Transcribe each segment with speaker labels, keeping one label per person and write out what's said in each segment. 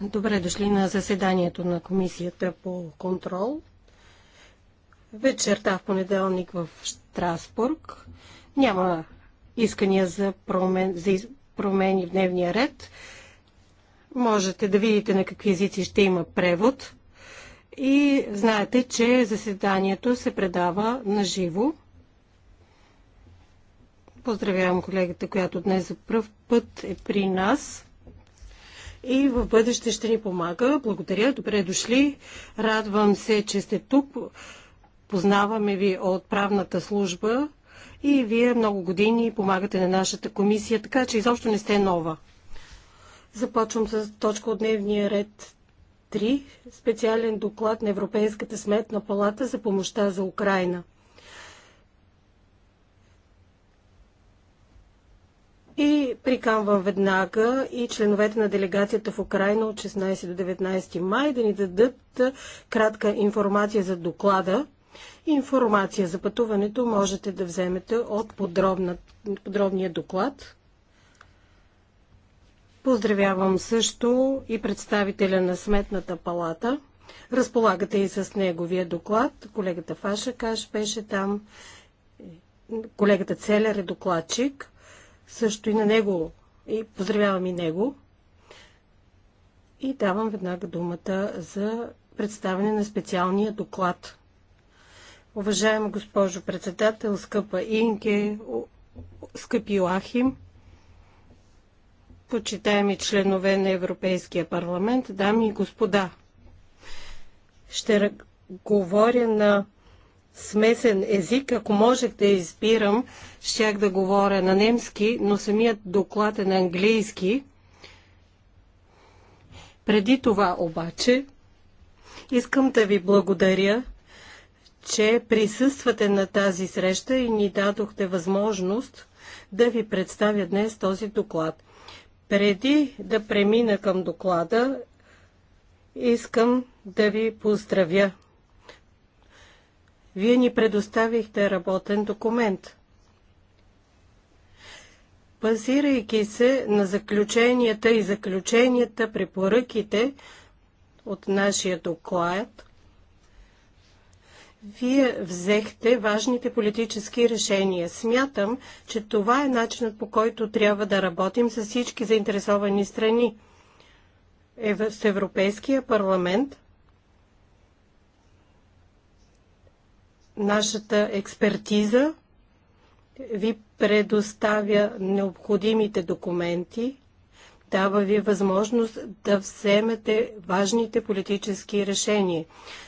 Speaker 1: Добре дошли на заседанието на Комисията по контрол. Вечерта в понеделник в Страсбург. Няма искания за, промен, за промени в дневния ред. Можете да видите на какви езици ще има превод. И знаете, че заседанието се предава на живо. Поздравявам колегата, която днес за пръв път е при нас и в бъдеще ще ни помага. Благодаря, добре дошли. Радвам се, че сте тук. Познаваме ви от правната служба и вие много години помагате на нашата комисия, така че изобщо не сте нова. Започвам с точка от дневния ред 3. Специален доклад на Европейската сметна палата за помощта за Украина. И приканвам веднага и членовете на делегацията в Украина от 16 до 19 май да ни дадат кратка информация за доклада. Информация за пътуването можете да вземете от подробна, подробния доклад. Поздравявам също и представителя на Сметната палата. Разполагате и с неговия доклад. Колегата Фаша Каш беше там. Колегата Целер е докладчик също и на него и поздравявам и него. И давам веднага думата за представяне на специалния доклад. Уважаема госпожо председател, скъпа Инке, скъпи лахим, почитаеми членове на Европейския парламент, дами и господа, ще говоря на смесен език. Ако можех да избирам, щях да говоря на немски, но самият доклад е на английски. Преди това обаче, искам да ви благодаря, че присъствате на тази среща и ни дадохте възможност да ви представя днес този доклад. Преди да премина към доклада, искам да ви поздравя вие ни предоставихте работен документ. Базирайки се на заключенията и заключенията, препоръките от нашия доклад, вие взехте важните политически решения. Смятам, че това е начинът по който трябва да работим с всички заинтересовани страни. Е, с Европейския парламент нашата експертиза ви предоставя необходимите документи, дава ви възможност да вземете важните политически решения.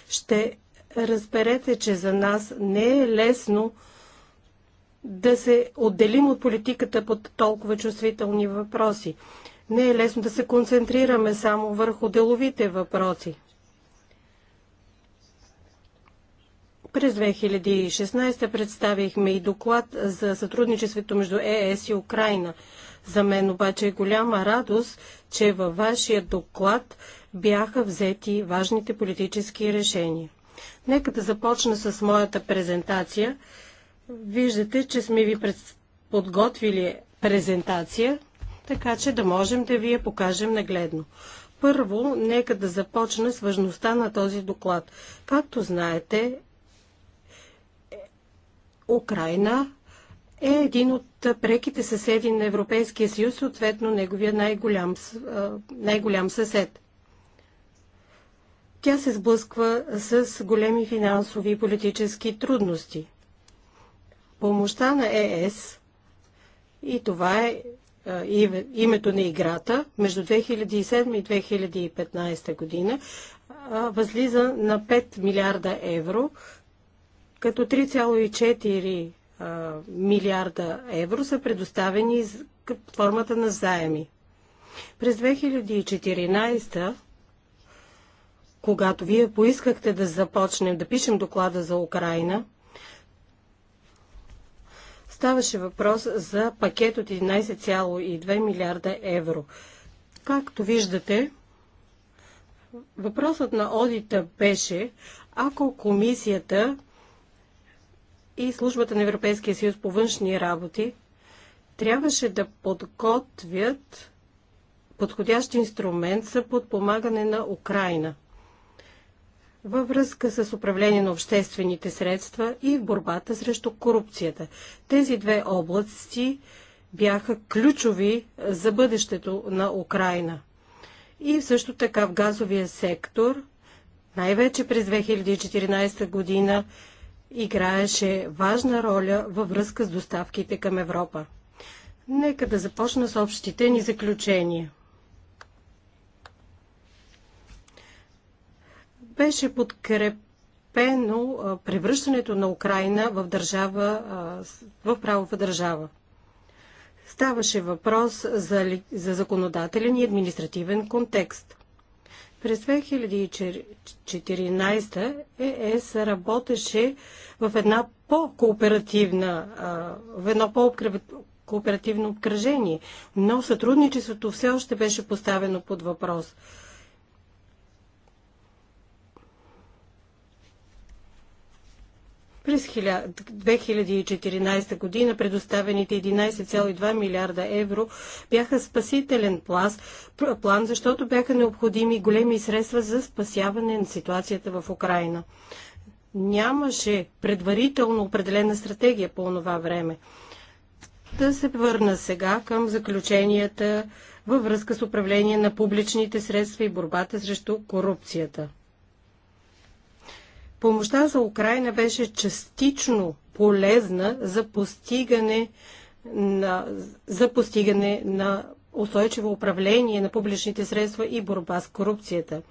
Speaker 1: Ще разберете, че за нас не е лесно да се отделим от политиката под толкова чувствителни въпроси. Не е лесно да се концентрираме само върху деловите въпроси. През 2016 представихме и доклад за сътрудничеството между ЕС и Украина. За мен обаче е голяма радост, че във вашия доклад бяха взети важните политически решения. Нека да започна с моята презентация. Виждате, че сме ви подготвили презентация, така че да можем да ви я покажем нагледно. Първо, нека да започна с важността на този доклад. Както знаете, Украина е един от преките съседи на Европейския съюз, съответно неговия най-голям, най-голям съсед. Тя се сблъсква с големи финансови и политически трудности. Помощта на ЕС, е и това е името на играта, между 2007 и 2015 година, възлиза на 5 милиарда евро, като 3,4 милиарда евро са предоставени под формата на заеми. През 2014 когато вие поискахте да започнем да пишем доклада за Украина, ставаше въпрос за пакет от 11,2 милиарда евро. Както виждате, въпросът на одита беше, ако комисията и службата на Европейския съюз по външни работи трябваше да подготвят подходящ инструмент за подпомагане на Украина във връзка с управление на обществените средства и в борбата срещу корупцията. Тези две области бяха ключови за бъдещето на Украина. И също така в газовия сектор, най-вече през 2014 година, играеше важна роля във връзка с доставките към Европа. Нека да започна с общите ни заключения. Беше подкрепено превръщането на Украина в държава, в правова държава. Ставаше въпрос за, за законодателен и административен контекст. През 2014 ЕС работеше в една по-кооперативна, в едно по-кооперативно обкръжение, но сътрудничеството все още беше поставено под въпрос. През 2014 година предоставените 11,2 милиарда евро бяха спасителен план, план, защото бяха необходими големи средства за спасяване на ситуацията в Украина. Нямаше предварително определена стратегия по това време. Да се върна сега към заключенията във връзка с управление на публичните средства и борбата срещу корупцията. Помощта за Украина беше частично полезна за постигане на, за постигане на устойчиво управление на публичните средства и борба с корупцията.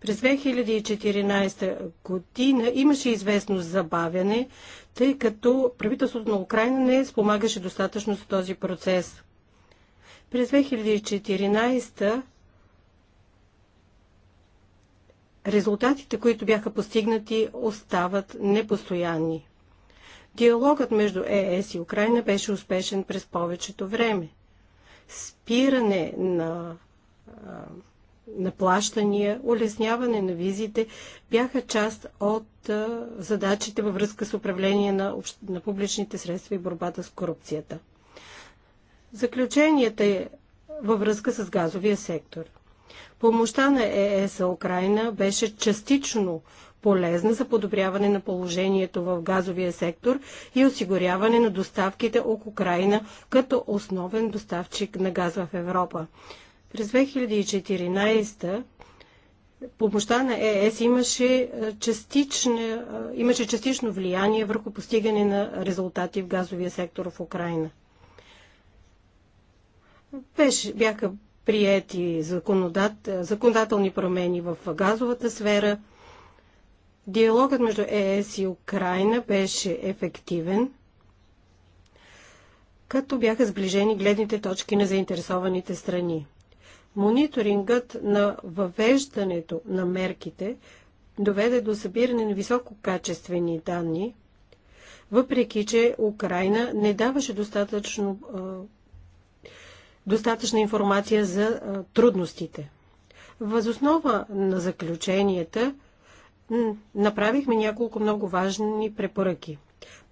Speaker 1: През 2014 година имаше известно забавяне, тъй като правителството на Украина не спомагаше достатъчно с този процес. През 2014 резултатите, които бяха постигнати, остават непостоянни. Диалогът между ЕС и Украина беше успешен през повечето време. Спиране на, на плащания, улесняване на визите бяха част от задачите във връзка с управление на, на публичните средства и борбата с корупцията. Заключенията е във връзка с газовия сектор – Помощта на ЕС Украина беше частично полезна за подобряване на положението в газовия сектор и осигуряване на доставките от Украина като основен доставчик на газ в Европа. През 2014 помощта на ЕС имаше, частично, имаше частично влияние върху постигане на резултати в газовия сектор в Украина. Беше, бяха приети законодат, законодателни промени в газовата сфера. Диалогът между ЕС и Украина беше ефективен, като бяха сближени гледните точки на заинтересованите страни. Мониторингът на въвеждането на мерките доведе до събиране на висококачествени данни, въпреки че Украина не даваше достатъчно достатъчна информация за трудностите. Възоснова на заключенията направихме няколко много важни препоръки.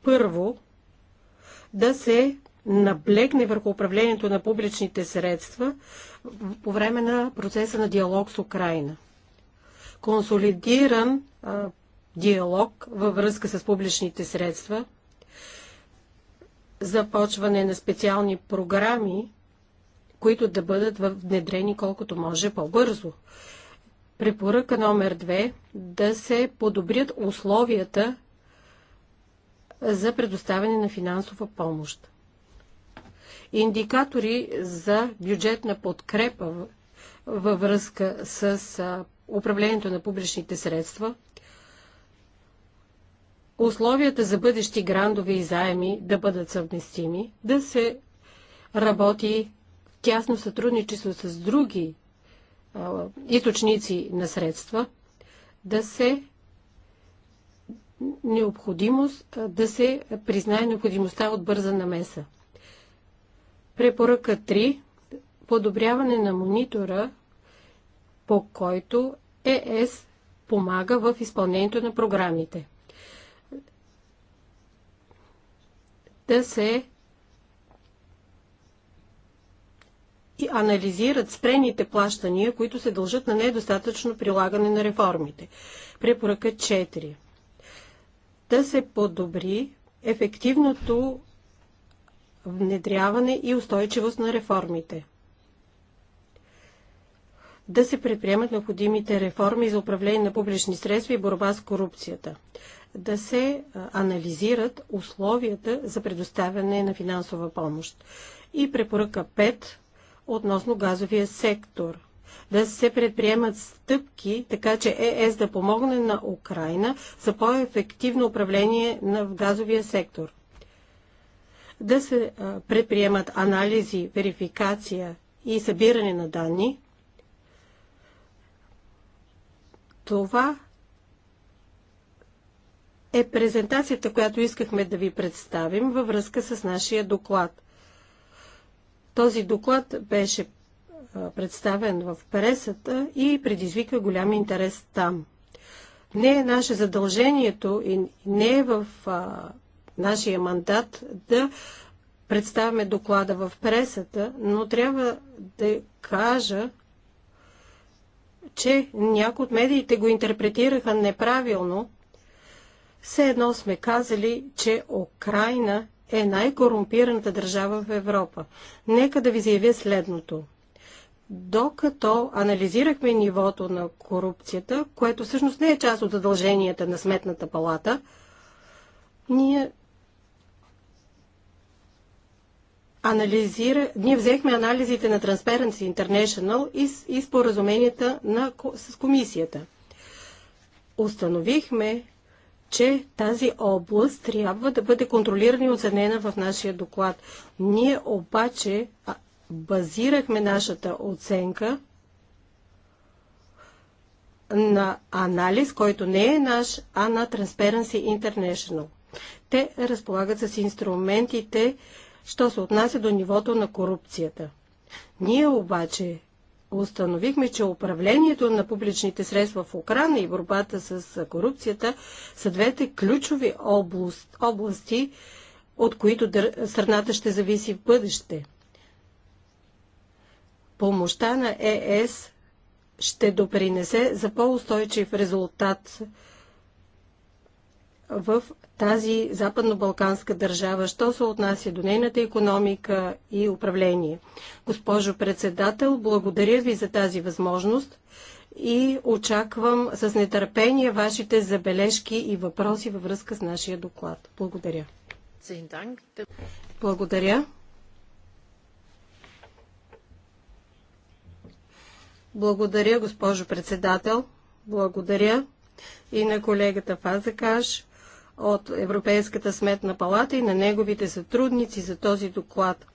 Speaker 1: Първо, да се наблегне върху управлението на публичните средства по време на процеса на диалог с Украина. Консолидиран а, диалог във връзка с публичните средства, започване на специални програми които да бъдат внедрени колкото може по-бързо. Препоръка номер 2 да се подобрят условията за предоставяне на финансова помощ. Индикатори за бюджетна подкрепа във връзка с управлението на публичните средства, условията за бъдещи грандове и заеми да бъдат съвместими, да се работи тясно сътрудничество с други източници на средства, да се необходимост да се признае необходимостта от бърза намеса. Препоръка 3. Подобряване на монитора, по който ЕС помага в изпълнението на програмите. Да се и анализират спрените плащания, които се дължат на недостатъчно прилагане на реформите. Препоръка 4. Да се подобри ефективното внедряване и устойчивост на реформите. Да се предприемат необходимите реформи за управление на публични средства и борба с корупцията. Да се анализират условията за предоставяне на финансова помощ. И препоръка 5 относно газовия сектор. Да се предприемат стъпки, така че ЕС да помогне на Украина за по-ефективно управление на газовия сектор. Да се предприемат анализи, верификация и събиране на данни. Това е презентацията, която искахме да ви представим във връзка с нашия доклад. Този доклад беше представен в пресата и предизвика голям интерес там. Не е наше задължението и не е в а, нашия мандат да представяме доклада в пресата, но трябва да кажа, че някои от медиите го интерпретираха неправилно. Все едно сме казали, че Украина е най-корумпираната държава в Европа. Нека да ви заявя следното. Докато анализирахме нивото на корупцията, което всъщност не е част от задълженията на Сметната палата, ние анализира, ние взехме анализите на Transparency International и, и споразуменията на, с комисията. Установихме, че тази област трябва да бъде контролирана и оценена в нашия доклад. Ние обаче базирахме нашата оценка на анализ, който не е наш, а на Transparency International. Те разполагат с инструментите, що се отнася до нивото на корупцията. Ние обаче установихме, че управлението на публичните средства в Украина и борбата с корупцията са двете ключови област, области, от които дър... страната ще зависи в бъдеще. Помощта на ЕС е ще допринесе за по-устойчив резултат в тази западно-балканска държава, що се отнася до нейната економика и управление. Госпожо председател, благодаря ви за тази възможност и очаквам с нетърпение вашите забележки и въпроси във връзка с нашия доклад. Благодаря. Благодаря. Благодаря, госпожо председател. Благодаря и на колегата Фазакаш от Европейската сметна палата и на неговите сътрудници за този доклад.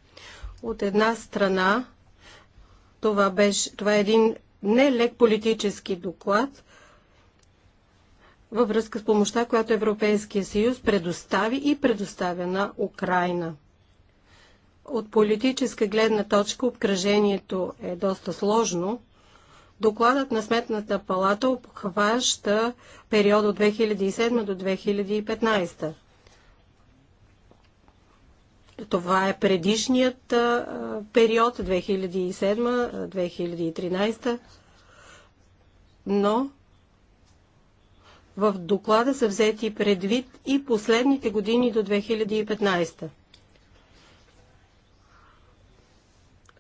Speaker 1: От една страна, това, беше, това е един нелек политически доклад във връзка с помощта, която Европейския съюз предостави и предоставя на Украина. От политическа гледна точка обкръжението е доста сложно – Докладът на Сметната палата обхваща период от 2007 до 2015. Това е предишният период 2007-2013, но в доклада са взети предвид и последните години до 2015.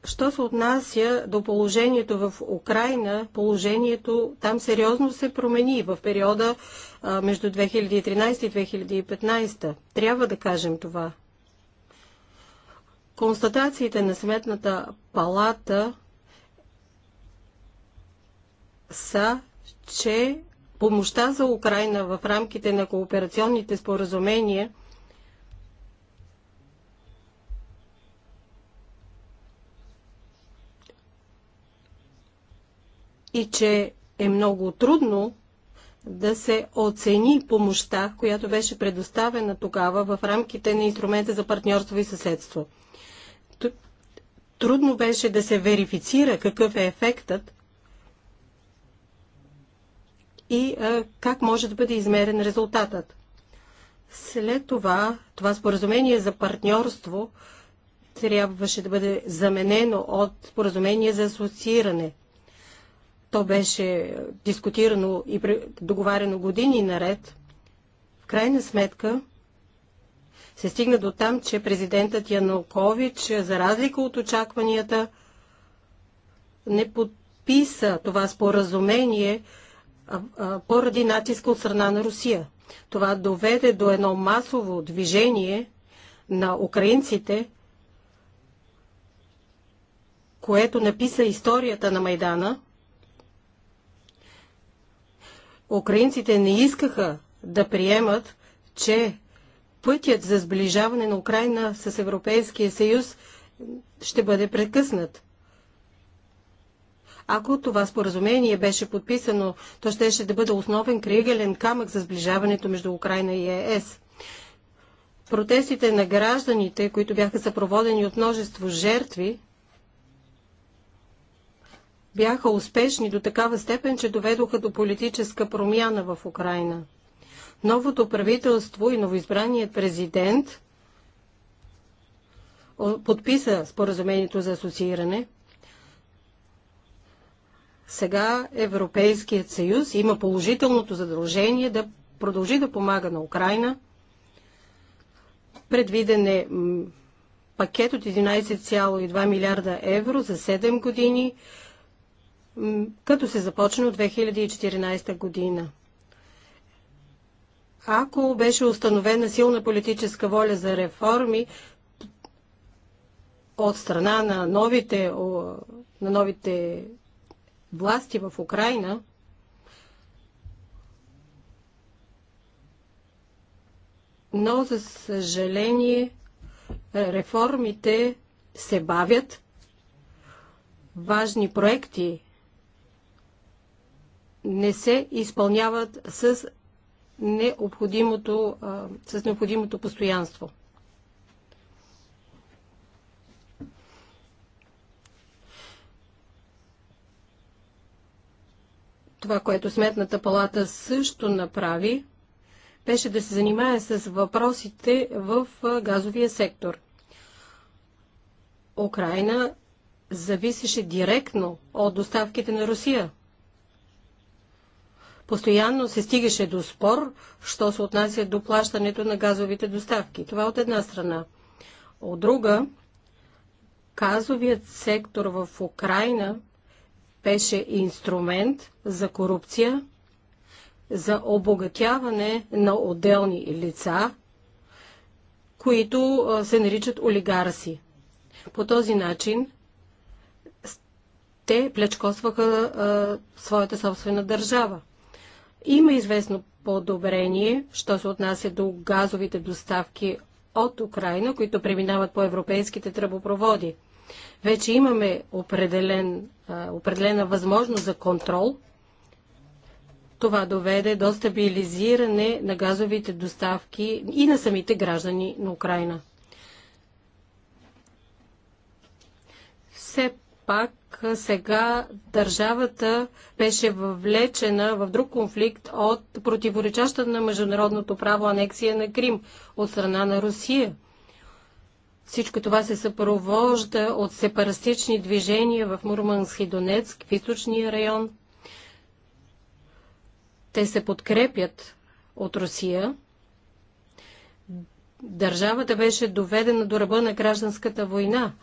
Speaker 1: Що се отнася до положението в Украина, положението там сериозно се промени в периода между 2013 и 2015. Трябва да кажем това. Констатациите на Сметната палата са, че помощта за Украина в рамките на кооперационните споразумения – и че е много трудно да се оцени помощта, която беше предоставена тогава в рамките на инструмента за партньорство и съседство. Трудно беше да се верифицира какъв е ефектът и а, как може да бъде измерен резултатът. След това, това споразумение за партньорство трябваше да бъде заменено от споразумение за асоцииране – то беше дискутирано и договарено години наред. В крайна сметка се стигна до там, че президентът Янукович, за разлика от очакванията, не подписа това споразумение поради натиска от страна на Русия. Това доведе до едно масово движение на украинците, което написа историята на Майдана Украинците не искаха да приемат, че пътят за сближаване на Украина с Европейския съюз ще бъде прекъснат. Ако това споразумение беше подписано, то ще, ще да бъде основен кригелен камък за сближаването между Украина и ЕС. Протестите на гражданите, които бяха съпроводени от множество жертви, бяха успешни до такава степен, че доведоха до политическа промяна в Украина. Новото правителство и новоизбраният президент подписа споразумението за асоцииране. Сега Европейският съюз има положителното задължение да продължи да помага на Украина. Предвиден е пакет от 11,2 милиарда евро за 7 години като се започне от 2014 година. Ако беше установена силна политическа воля за реформи от страна на новите, на новите власти в Украина, но за съжаление реформите се бавят. Важни проекти не се изпълняват с необходимото, с необходимото постоянство. Това, което Сметната палата също направи, беше да се занимае с въпросите в газовия сектор. Украина зависеше директно от доставките на Русия – Постоянно се стигаше до спор, що се отнася до плащането на газовите доставки. Това е от една страна. От друга, газовият сектор в Украина беше инструмент за корупция, за обогатяване на отделни лица, които се наричат олигарси. По този начин те плечкосваха своята собствена държава. Има известно подобрение, що се отнася до газовите доставки от Украина, които преминават по европейските тръбопроводи. Вече имаме определен, определена възможност за контрол. Това доведе до стабилизиране на газовите доставки и на самите граждани на Украина. Все пак сега държавата беше въвлечена в друг конфликт от противоречаща на международното право анексия на Крим от страна на Русия. Всичко това се съпровожда от сепарастични движения в Мурманск и Донецк, в източния район. Те се подкрепят от Русия. Държавата беше доведена до ръба на гражданската война –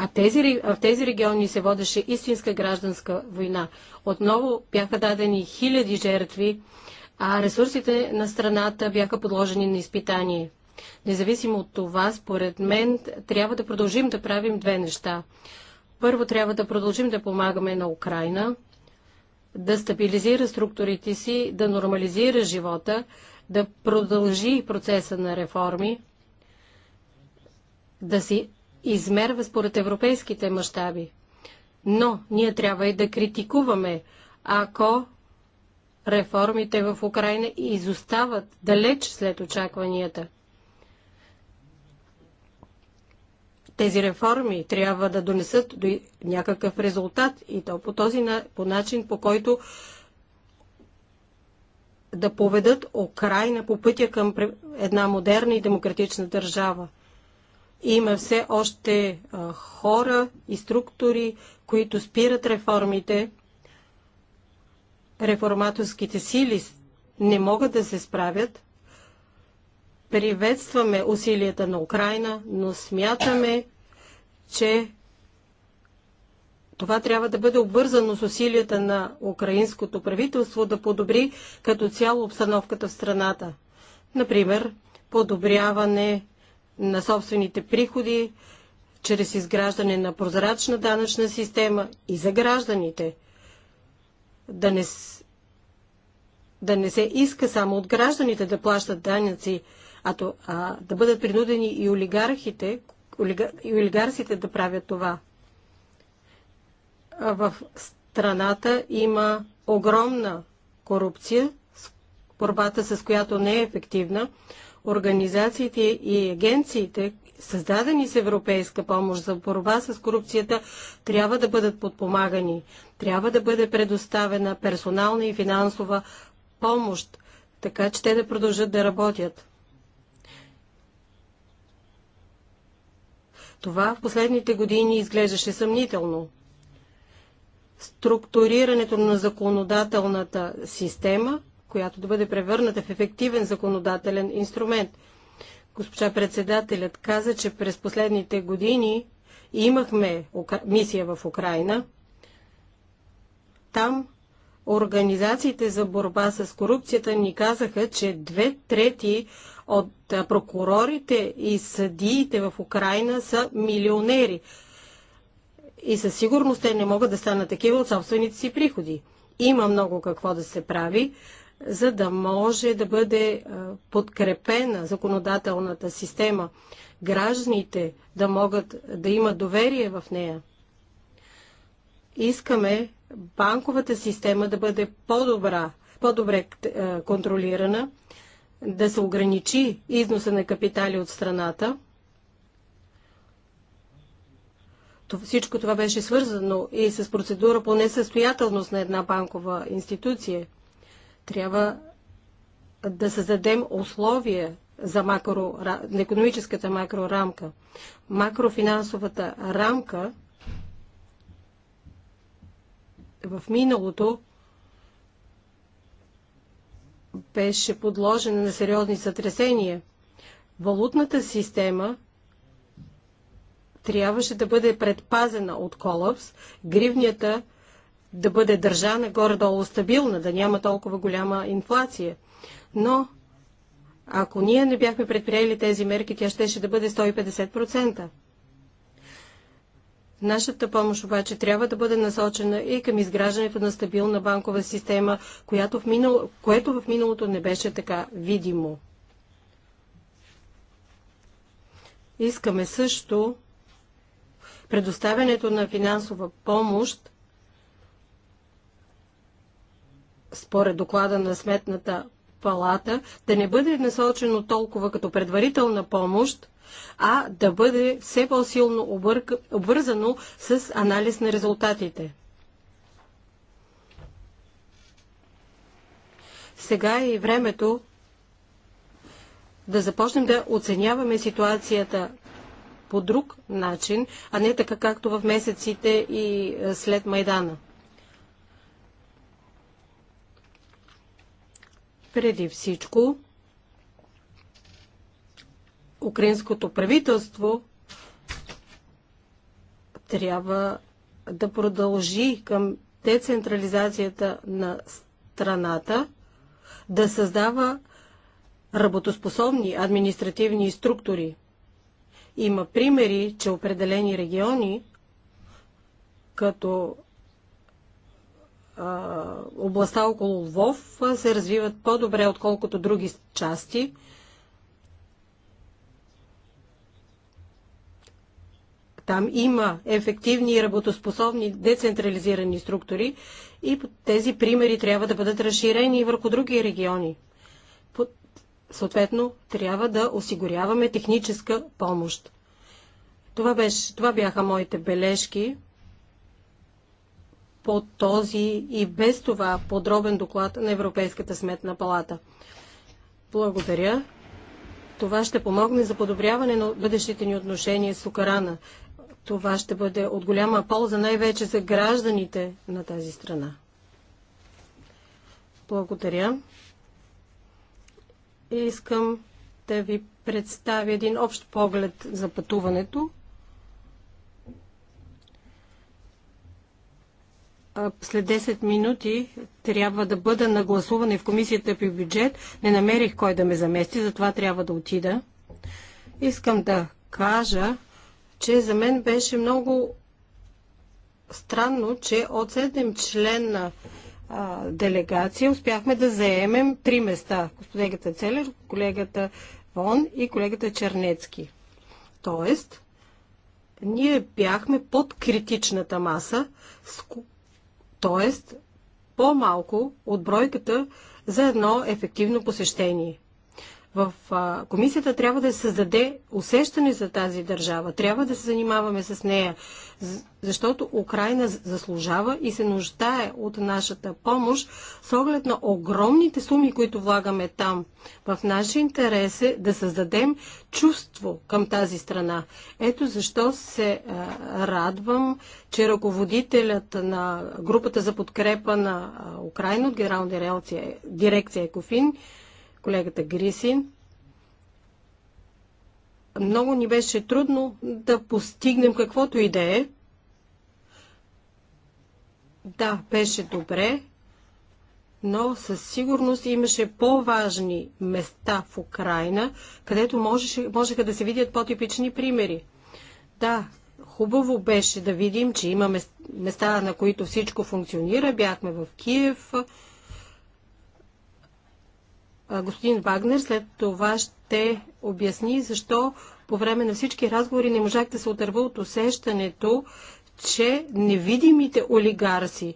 Speaker 1: а тези, в тези региони се водеше истинска гражданска война. Отново бяха дадени хиляди жертви, а ресурсите на страната бяха подложени на изпитание. Независимо от това, според мен, трябва да продължим да правим две неща. Първо, трябва да продължим да помагаме на Украина, да стабилизира структурите си, да нормализира живота, да продължи процеса на реформи, да си измерва според европейските мащаби. Но ние трябва и да критикуваме, ако реформите в Украина изостават далеч след очакванията. Тези реформи трябва да донесат до някакъв резултат и то по този по начин, по който да поведат Украина по пътя към една модерна и демократична държава. Има все още хора и структури, които спират реформите. Реформаторските сили не могат да се справят. Приветстваме усилията на Украина, но смятаме, че това трябва да бъде обвързано с усилията на украинското правителство да подобри като цяло обстановката в страната. Например, подобряване на собствените приходи, чрез изграждане на прозрачна данъчна система и за гражданите. Да не, да не се иска само от гражданите да плащат данъци, а, то, а да бъдат принудени и олигархите, и олигарсите да правят това. В страната има огромна корупция, борбата с която не е ефективна организациите и агенциите, създадени с европейска помощ за борба с корупцията, трябва да бъдат подпомагани. Трябва да бъде предоставена персонална и финансова помощ, така че те да продължат да работят. Това в последните години изглеждаше съмнително. Структурирането на законодателната система която да бъде превърната в ефективен законодателен инструмент. Госпожа председателят каза, че през последните години имахме мисия в Украина. Там организациите за борба с корупцията ни казаха, че две трети от прокурорите и съдиите в Украина са милионери. И със сигурност те не могат да станат такива от собствените си приходи. Има много какво да се прави, за да може да бъде е, подкрепена законодателната система, гражданите да могат да имат доверие в нея. Искаме банковата система да бъде по-добра, по-добре е, контролирана, да се ограничи износа на капитали от страната. Всичко това беше свързано и с процедура по несъстоятелност на една банкова институция – трябва да създадем условия за макро, на економическата макрорамка. Макрофинансовата рамка в миналото беше подложена на сериозни сътресения. Валутната система трябваше да бъде предпазена от колапс, гривнята – да бъде държана горе-долу стабилна, да няма толкова голяма инфлация. Но ако ние не бяхме предприели тези мерки, тя щеше да бъде 150%. Нашата помощ обаче трябва да бъде насочена и към изграждането на стабилна банкова система, която в минало, което в миналото не беше така видимо. Искаме също предоставянето на финансова помощ според доклада на Сметната палата, да не бъде насочено толкова като предварителна помощ, а да бъде все по-силно обвързано с анализ на резултатите. Сега е и времето да започнем да оценяваме ситуацията по друг начин, а не така както в месеците и след Майдана. Преди всичко, украинското правителство трябва да продължи към децентрализацията на страната, да създава работоспособни административни структури. Има примери, че определени региони, като областта около Лвов се развиват по-добре, отколкото други части. Там има ефективни и работоспособни децентрализирани структури и тези примери трябва да бъдат разширени и върху други региони. Съответно, трябва да осигуряваме техническа помощ. Това, беше, това бяха моите бележки по този и без това подробен доклад на Европейската сметна палата. Благодаря. Това ще помогне за подобряване на бъдещите ни отношения с Украина. Това ще бъде от голяма полза най-вече за гражданите на тази страна. Благодаря. Искам да ви представя един общ поглед за пътуването. след 10 минути трябва да бъда на гласуване в комисията по бюджет. Не намерих кой да ме замести, затова трябва да отида. Искам да кажа, че за мен беше много странно, че от 7 члена делегация успяхме да заемем три места. Колегата Целер, колегата Вон и колегата Чернецки. Тоест, ние бяхме под критичната маса, т.е. по-малко от бройката за едно ефективно посещение в комисията трябва да се създаде усещане за тази държава. Трябва да се занимаваме с нея, защото Украина заслужава и се нуждае от нашата помощ с оглед на огромните суми, които влагаме там. В наши интерес е да създадем чувство към тази страна. Ето защо се радвам, че ръководителят на групата за подкрепа на Украина от генерална дирекция, дирекция Екофин колегата Грисин. Много ни беше трудно да постигнем каквото и да е. Да, беше добре, но със сигурност имаше по-важни места в Украина, където можеше, можеха да се видят по-типични примери. Да, хубаво беше да видим, че има места, на които всичко функционира. Бяхме в Киев, господин Вагнер. След това ще обясни защо по време на всички разговори не можах да се отърва от усещането, че невидимите олигарси,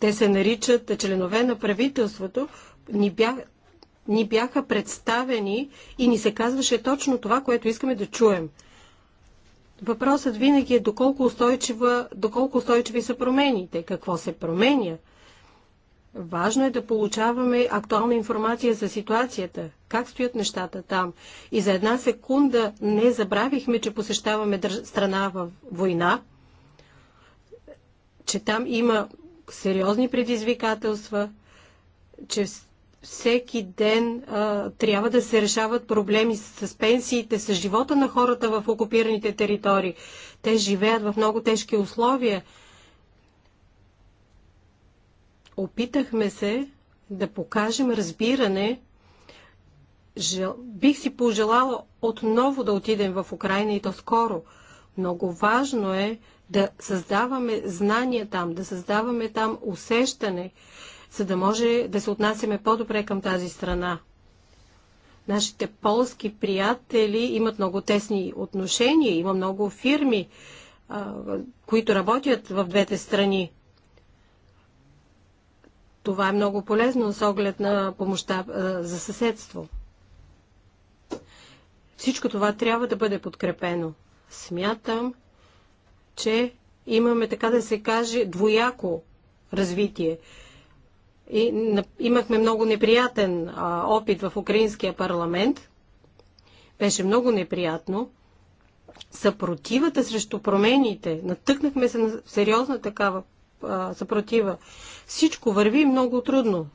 Speaker 1: те се наричат членове на правителството, ни, бях, ни бяха представени и ни се казваше точно това, което искаме да чуем. Въпросът винаги е доколко, доколко устойчиви са промените, какво се променя – Важно е да получаваме актуална информация за ситуацията, как стоят нещата там. И за една секунда не забравихме, че посещаваме страна в война, че там има сериозни предизвикателства, че всеки ден а, трябва да се решават проблеми с, с пенсиите, с живота на хората в окупираните територии. Те живеят в много тежки условия Опитахме се да покажем разбиране. Жел... Бих си пожелала отново да отидем в Украина и то скоро. Много важно е да създаваме знания там, да създаваме там усещане, за да може да се отнасяме по-добре към тази страна. Нашите полски приятели имат много тесни отношения, има много фирми, които работят в двете страни. Това е много полезно с оглед на помощта за съседство. Всичко това трябва да бъде подкрепено. Смятам, че имаме, така да се каже, двояко развитие. И на, имахме много неприятен а, опит в Украинския парламент. Беше много неприятно. Съпротивата срещу промените, натъкнахме се на сериозна такава а, съпротива. Всичко върви много трудно.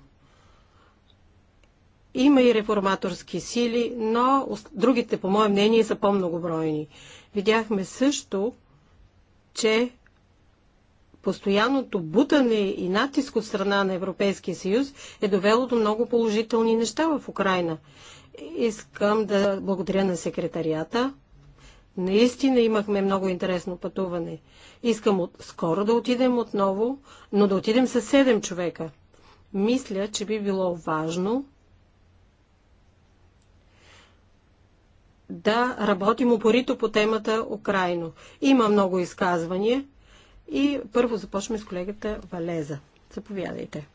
Speaker 1: Има и реформаторски сили, но другите, по мое мнение, са по-многобройни. Видяхме също, че постоянното бутане и натиск от страна на Европейския съюз е довело до много положителни неща в Украина. Искам да благодаря на секретарията, Наистина имахме много интересно пътуване. Искам от, скоро да отидем отново, но да отидем с 7 човека. Мисля, че би било важно да работим упорито по темата Украино. Има много изказвания и първо започваме с колегата Валеза.
Speaker 2: Заповядайте.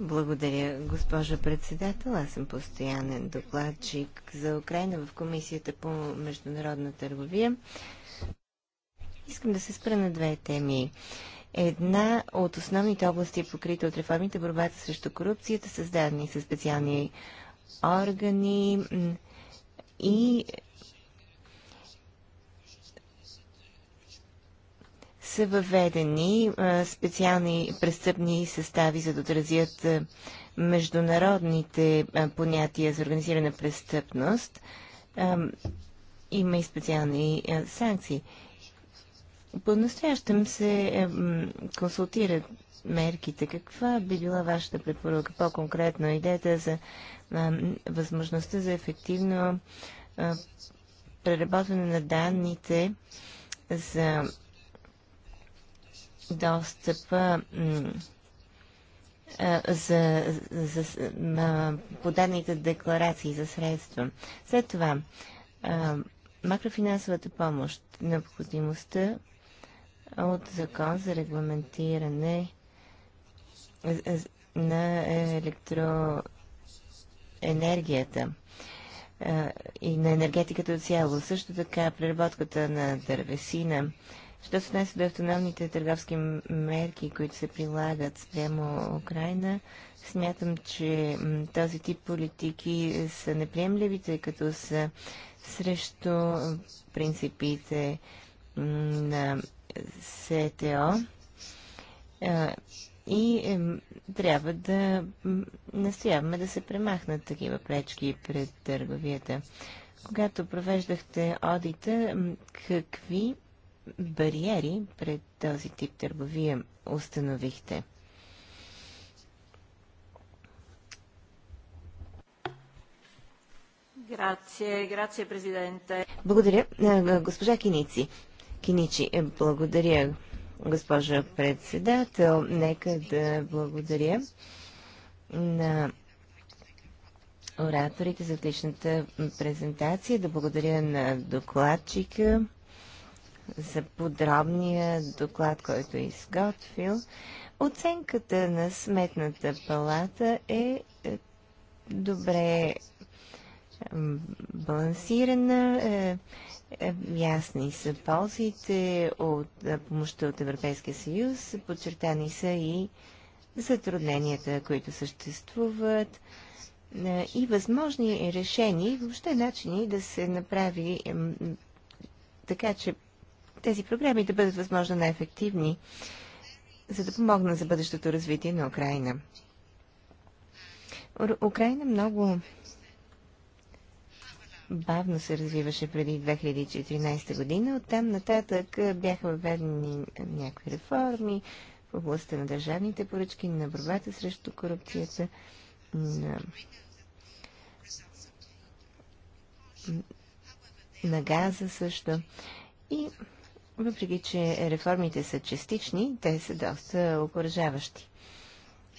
Speaker 2: Благодаря, госпожа председател. Аз съм постоянен докладчик за Украина в Комисията по международна търговия. Искам да се спра на две теми. Една от основните области, покрита от реформите, борбата срещу корупцията, създадени със специални органи и са въведени специални престъпни състави, за да отразят международните понятия за организирана престъпност. Има и специални санкции. По-настоящем се консултират мерките. Каква би била вашата препоръка? По-конкретно идеята за възможността за ефективно преработване на данните за достъпа за, за подадените декларации за средства. След това, макрофинансовата помощ, необходимостта от закон за регламентиране на електроенергията и на енергетиката от цяло. Също така преработката на дървесина, Що се отнася до автономните търговски мерки, които се прилагат спрямо Украина, смятам, че този тип политики са неприемливи, тъй като са срещу принципите на СТО и трябва да настояваме да се премахнат такива пречки пред търговията. Когато провеждахте одита, какви бариери пред този тип търговия установихте? Грация, грация, президенте. Благодаря. Госпожа Киници. Киничи, е, благодаря, госпожа председател. Нека да благодаря на ораторите за отличната презентация, да благодаря на докладчика за подробния доклад, който е изготвил. Оценката на Сметната палата е, е добре балансирана, е, е, ясни са ползите от помощта от Европейския съюз, подчертани са и затрудненията, които съществуват и възможни решения, и въобще начини да се направи така, че тези програми да бъдат възможно най-ефективни, за да помогна за бъдещото развитие на Украина. Украина много бавно се развиваше преди 2014 година. Оттам нататък бяха въведени някои реформи в областта на държавните поръчки, на борбата срещу корупцията, на, на газа също. И въпреки, че реформите са частични, те са доста окоръжаващи.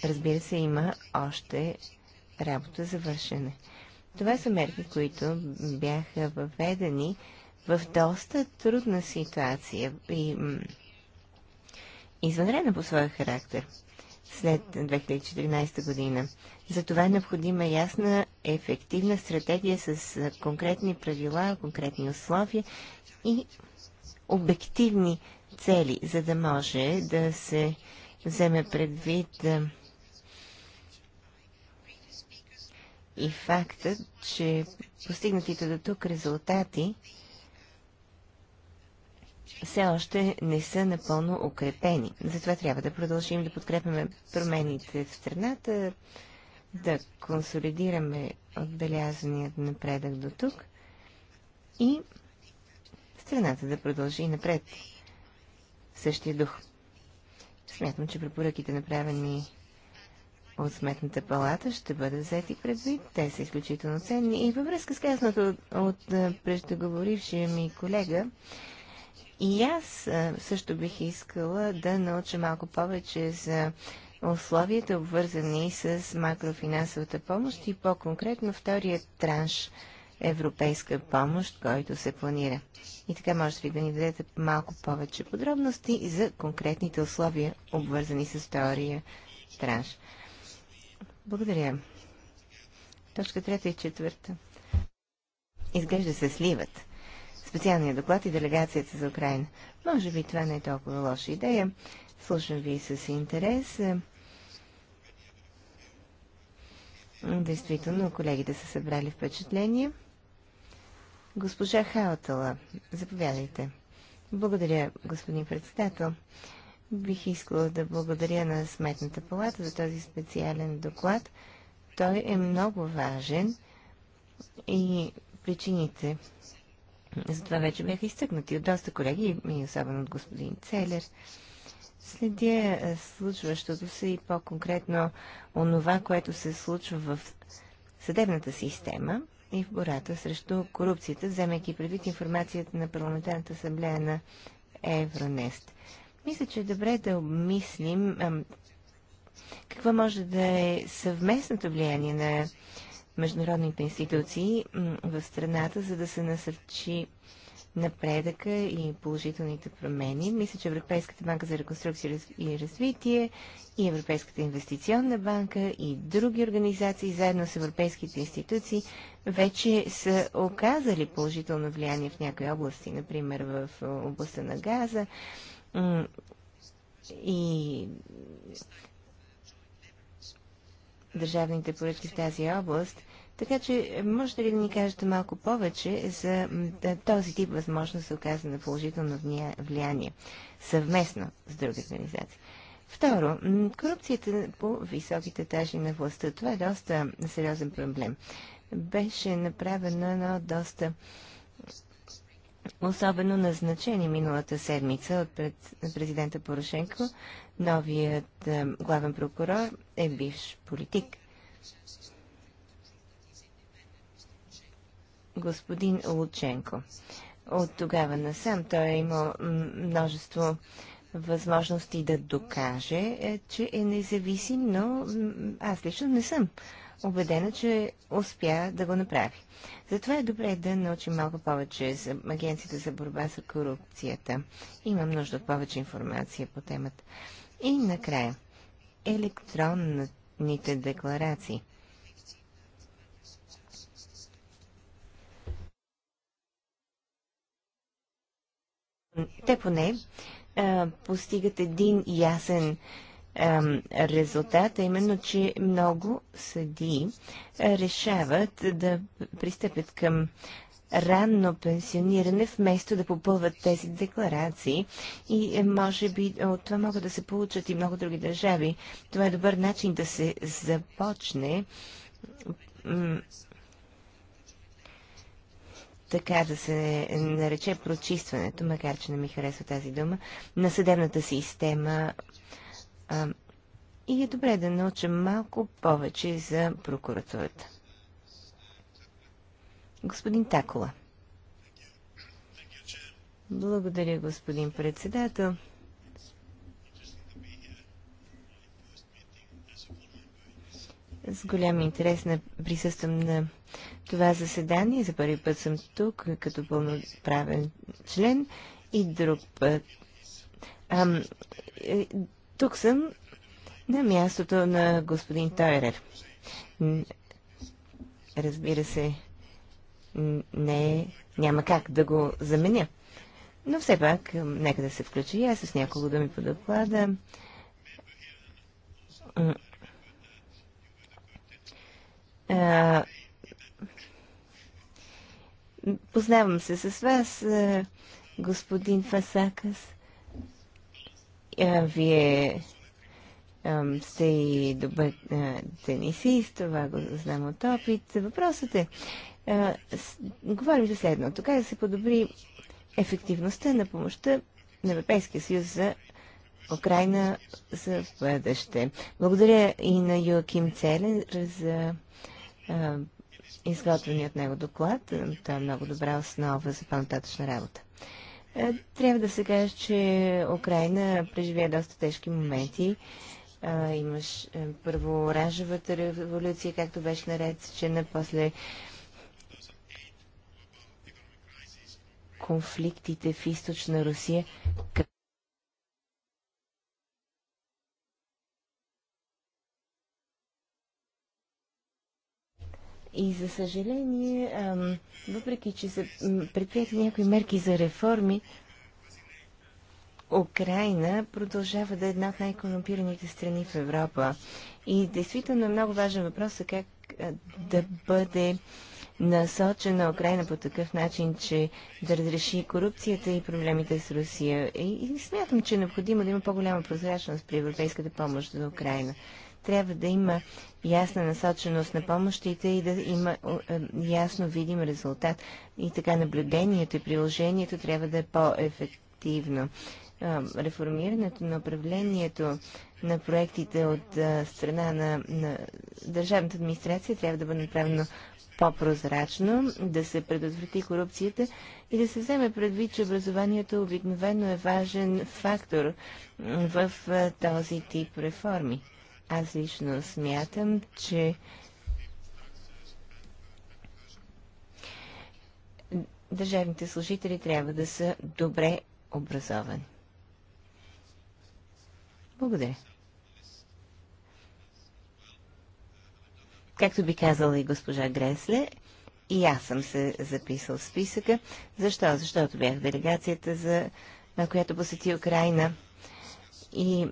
Speaker 2: Разбира се, има още работа за вършене. Това са мерки, които бяха въведени в доста трудна ситуация и извънредна по своя характер след 2014 година. За това е необходима ясна, ефективна стратегия с конкретни правила, конкретни условия и обективни цели, за да може да се вземе предвид и фактът, че постигнатите до тук резултати все още не са напълно укрепени. Затова трябва да продължим да подкрепяме промените в страната, да консолидираме отбелязаният напредък до тук и страната да продължи и напред в същия дух. Смятам, че препоръките направени от Сметната палата ще бъдат взети предвид. Те са изключително ценни. И във връзка с казаното от, от преждеговорившия ми колега, и аз също бих искала да науча малко повече за условията, обвързани с макрофинансовата помощ и по-конкретно вторият транш – европейска помощ, който се планира. И така може ви да ни дадете малко повече подробности за конкретните условия, обвързани с втория транш. Благодаря. Точка трета и четвърта. Изглежда се сливат. Специалния доклад и делегацията за Украина. Може би това не е толкова лоша идея. Слушам ви с интерес. Действително, колегите са събрали впечатление. Госпожа Хаотала, заповядайте. Благодаря, господин председател. Бих искала да благодаря на Сметната палата за този специален доклад. Той е много важен и причините за това вече бяха изтъкнати от доста колеги и особено от господин Целер. Следя е, случващото се и по-конкретно онова, което се случва в съдебната система – и в бората срещу корупцията, вземайки предвид информацията на Парламентарната асамблея на Евронест. Мисля, че е добре да обмислим ам, какво може да е съвместното влияние на международните институции в страната, за да се насърчи напредъка и положителните промени. Мисля, че Европейската банка за реконструкция и развитие и Европейската инвестиционна банка и други организации, заедно с европейските институции, вече са оказали положително влияние в някои области, например в областта на газа и държавните поръчки в тази област – така че, можете ли да ни кажете малко повече за този тип възможност за оказа на положително влияние, съвместно с други организации? Второ, корупцията по високите етажи на властта. Това е доста сериозен проблем. Беше направено едно доста особено назначение миналата седмица от пред, президента Порошенко. Новият главен прокурор е бивш политик. господин Лученко. От тогава насам той е имал множество възможности да докаже, е, че е независим, но аз лично не съм убедена, че успя да го направи. Затова е добре да научим малко повече за Агенцията за борба с корупцията. Имам нужда от повече информация по темата. И накрая, електронните декларации – те поне а, постигат един ясен а, резултат, а именно, че много съди решават да пристъпят към ранно пенсиониране, вместо да попълват тези декларации. И е, може би от това могат да се получат и много други държави. Това е добър начин да се започне така да се нарече прочистването, макар че не ми харесва тази дума, на съдебната система. А, и е добре да науча малко повече за прокуратурата. Господин Такола. Благодаря, господин председател. С голям интерес на присъствам на това заседание. За първи път съм тук като пълноправен член и друг път. Ам, е, тук съм на мястото на господин Тойрер. Разбира се, не, няма как да го заменя. Но все пак, нека да се включи и аз с няколко думи по доклада. А, Познавам се с вас, е, господин Фасакас. Вие е, сте и добър е, тенисист, това го знам от опит. Въпросът е, говорим за следното. Как да се подобри ефективността на помощта на Европейския съюз за Украина за бъдеще. Благодаря и на Йоаким Целен за а, изготвеният от него доклад. Той е много добра основа за по-нататъчна работа. Е, трябва да се каже, че Украина преживя доста тежки моменти. Е, имаш е, първо оранжевата революция, както беше наречена, после конфликтите в източна Русия. И за съжаление, въпреки че се предприяти някои мерки за реформи, Украина продължава да е една от най-корумпираните страни в Европа. И действително е много важен въпрос е как да бъде насочена Украина по такъв начин, че да разреши корупцията и проблемите с Русия. И, и смятам, че е необходимо да има по-голяма прозрачност при европейската помощ за Украина трябва да има ясна насоченост на помощите и да има е, ясно видим резултат. И така наблюдението и приложението трябва да е по-ефективно. Реформирането на управлението на проектите от страна на, на държавната администрация трябва да бъде направено по-прозрачно, да се предотврати корупцията и да се вземе предвид, че образованието обикновено е важен фактор в този тип реформи. Аз лично смятам, че държавните служители трябва да са добре образовани. Благодаря. Както би казала и госпожа Гресле, и аз съм се записал в списъка. Защо? Защото бях в делегацията, за, на която посети Украина. И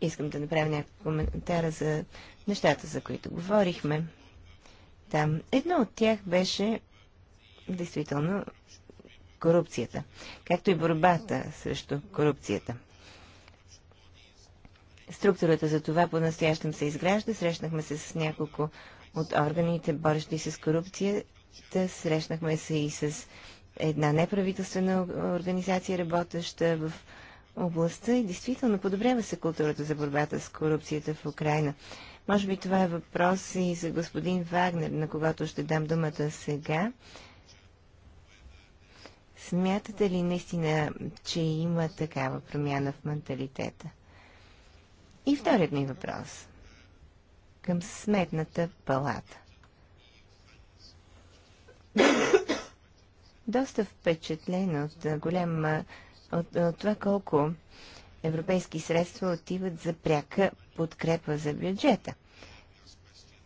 Speaker 2: искам да направя някакви коментара за нещата, за които говорихме. Там едно от тях беше действително корупцията, както и борбата срещу корупцията. Структурата за това по-настоящем се изгражда. Срещнахме се с няколко от органите, борещи се с корупцията. Срещнахме се и с една неправителствена организация, работеща в областта и действително подобрява се културата за борбата с корупцията в Украина. Може би това е въпрос и за господин Вагнер, на когато ще дам думата сега. Смятате ли наистина, че има такава промяна в менталитета? И вторият ми въпрос към сметната палата. Доста впечатлен от голяма от, е, от това колко европейски средства отиват за пряка подкрепа за бюджета.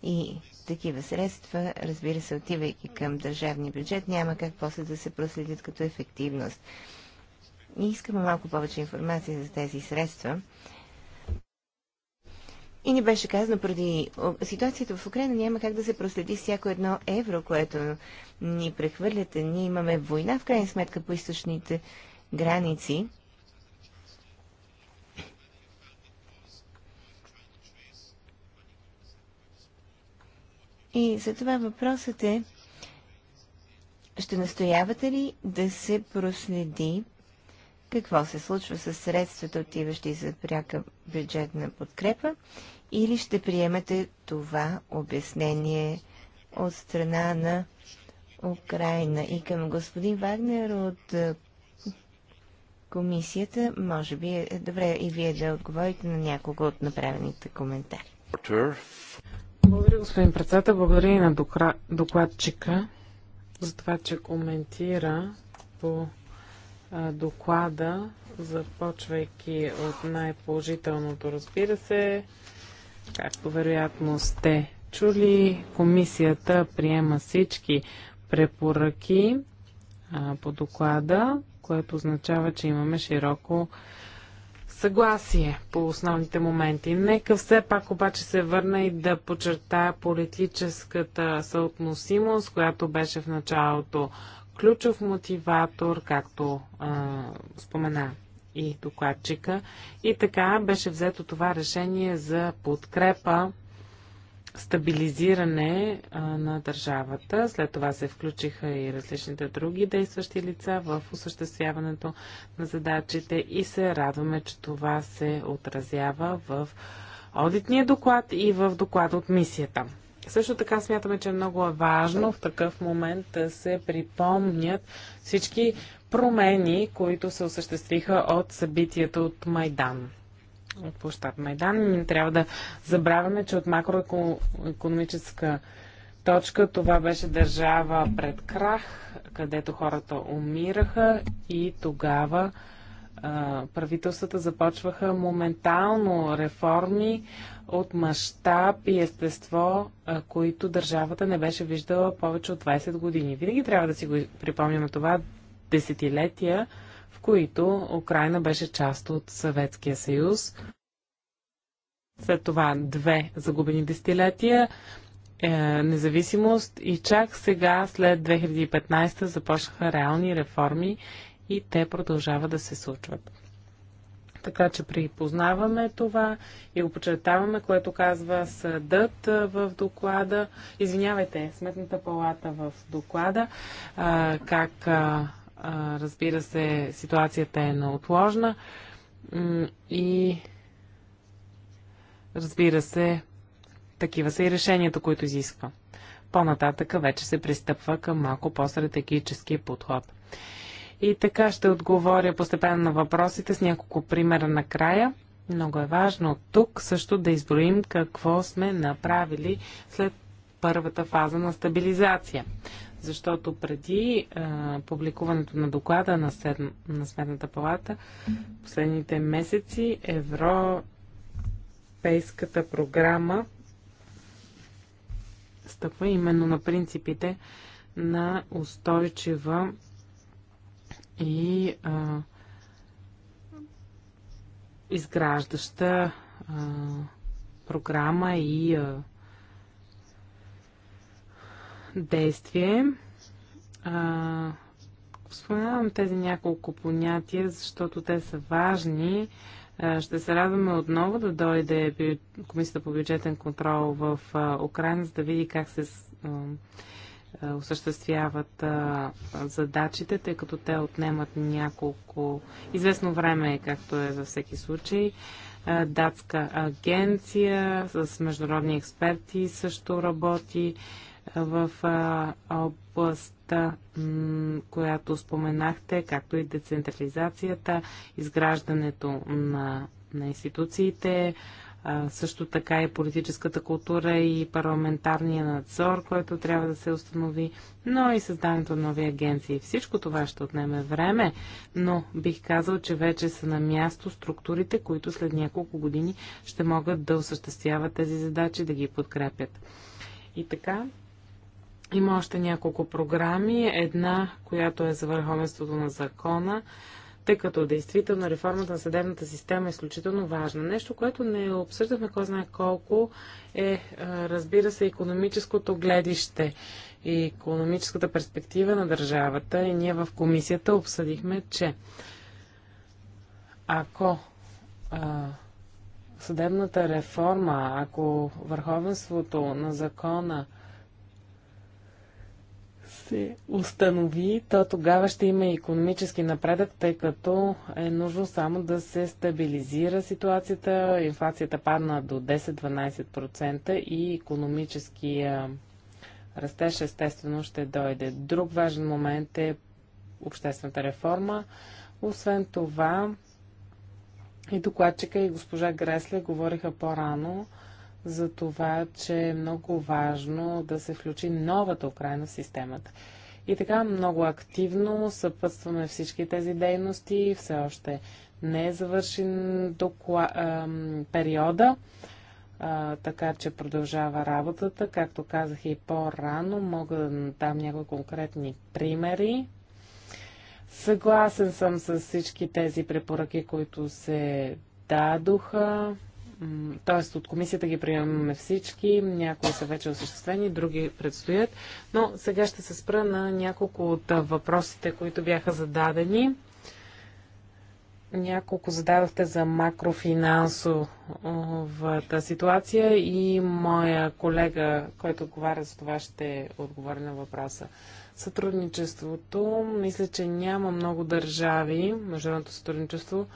Speaker 2: И такива средства, разбира се, отивайки към държавния бюджет, няма как после да се проследят като ефективност. И искаме малко повече информация за тези средства. И ни беше казано, преди ситуацията в Украина няма как да се проследи всяко едно евро, което ни прехвърляте. Ние имаме война, в крайна сметка, по източните граници. И за това въпросът е, ще настоявате ли да се проследи какво се случва с средствата, отиващи за пряка бюджетна подкрепа, или ще приемете това обяснение от страна на Украина. И към господин Вагнер от комисията. Може би е
Speaker 3: добре и вие да отговорите на няколко от направените коментари. Благодаря, господин председател. Благодаря и на докладчика за това, че коментира по доклада, започвайки от най-положителното, разбира се. Както вероятно сте чули, комисията приема всички препоръки а, по доклада което означава, че имаме широко съгласие по основните моменти. Нека все пак обаче се върна и да подчертая политическата съотносимост, която беше в началото ключов мотиватор, както а, спомена и докладчика. И така беше взето това решение за подкрепа стабилизиране на държавата. След това се включиха и различните други действащи лица в осъществяването на задачите и се радваме, че това се отразява в одитния доклад и в доклада от мисията. Също така смятаме, че е много е важно в такъв момент да се припомнят всички промени, които се осъществиха от събитията от Майдан от площад Майдан. Не трябва да забравяме, че от макроекономическа точка това беше държава пред крах, където хората умираха и тогава а, правителствата започваха моментално реформи от мащаб и естество, а, които държавата не беше виждала повече от 20 години. Винаги трябва да си го припомняме това десетилетия които Украина беше част от Съветския съюз. След това две загубени десетилетия, е, независимост и чак сега, след 2015, започнаха реални реформи и те продължават да се случват. Така че припознаваме това и го почетаваме, което казва съдът е, в доклада, извинявайте, сметната палата в доклада, е, как е, Разбира се, ситуацията е неотложна и разбира се, такива са и решенията, които изисква. По-нататъка вече се пристъпва към малко по-стратегически подход. И така ще отговоря постепенно на въпросите с няколко примера накрая. Много е важно тук също да изброим какво сме направили след първата фаза на стабилизация защото преди а, публикуването на доклада на, сед... на Сметната палата, последните месеци Европейската програма стъпва именно на принципите на устойчива и а, изграждаща а, програма и а, действие. споменавам тези няколко понятия, защото те са важни. ще се радваме отново да дойде Комисията по бюджетен контрол в Украина, за да види как се осъществяват задачите, тъй като те отнемат няколко известно време, както е за всеки случай. датска агенция с международни експерти също работи в областта, която споменахте, както и децентрализацията, изграждането на, на институциите, също така и политическата култура и парламентарния надзор, който трябва да се установи, но и създаването на нови агенции. Всичко това ще отнеме време, но бих казал, че вече са на място структурите, които след няколко години ще могат да осъществяват тези задачи, да ги подкрепят. И така, има още няколко програми. Една, която е за върховенството на закона, тъй като действително реформата на съдебната система е изключително важна. Нещо, което не обсъждахме кой знае колко е, разбира се, економическото гледище и економическата перспектива на държавата. И ние в комисията обсъдихме, че ако а, съдебната реформа, ако върховенството на закона се установи, то тогава ще има и економически напредък, тъй като е нужно само да се стабилизира ситуацията. Инфлацията падна до 10-12% и економически растеж естествено ще дойде. Друг важен момент е обществената реформа. Освен това, и докладчика и госпожа Гресле говориха по-рано за това, че е много важно да се включи новата Украина в системата. И така много активно съпътстваме всички тези дейности. Все още не е завършен докла... периода, а, така че продължава работата. Както казах и по-рано, мога да дам някои конкретни примери. Съгласен съм с всички тези препоръки, които се дадоха т.е. от комисията ги приемаме всички, някои са вече осъществени, други предстоят, но сега ще се спра на няколко от въпросите, които бяха зададени. Няколко зададохте за макрофинансовата ситуация и моя колега, който отговаря за това, ще отговори на въпроса. Сътрудничеството, мисля, че няма много държави, международното сътрудничество,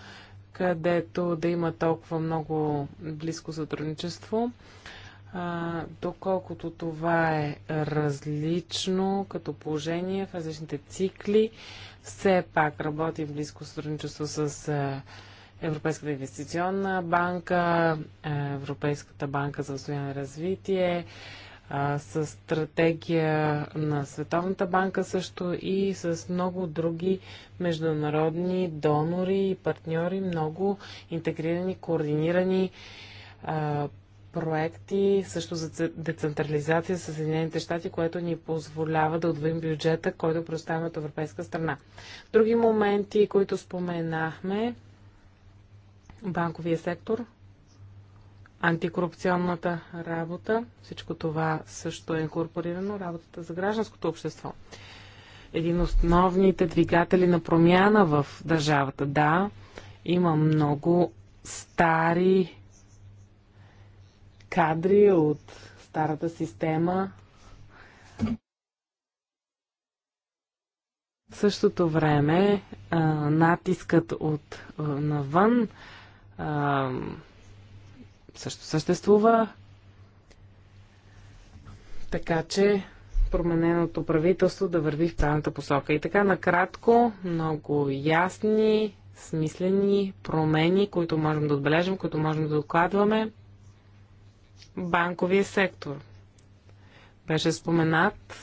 Speaker 3: където да има толкова много близко сътрудничество. А, доколкото това е различно като положение в различните цикли, все пак работи в близко сътрудничество с а, Европейската инвестиционна банка, Европейската банка за постоянно развитие, а, с стратегия на Световната банка също и с много други международни донори и партньори, много интегрирани, координирани а, проекти, също за децентрализация с Съединените щати, което ни позволява да отвоим бюджета, който представим от европейска страна. Други моменти, които споменахме, банковия сектор – антикорупционната работа. Всичко това също е инкорпорирано, работата за гражданското общество. Един от основните двигатели на промяна в държавата. Да, има много стари кадри от старата система. В същото време натискът от навън също съществува. Така че промененото правителство да върви в правилната посока. И така, накратко, много ясни, смислени промени, които можем да отбележим, които можем да докладваме. Банковия сектор. Беше споменат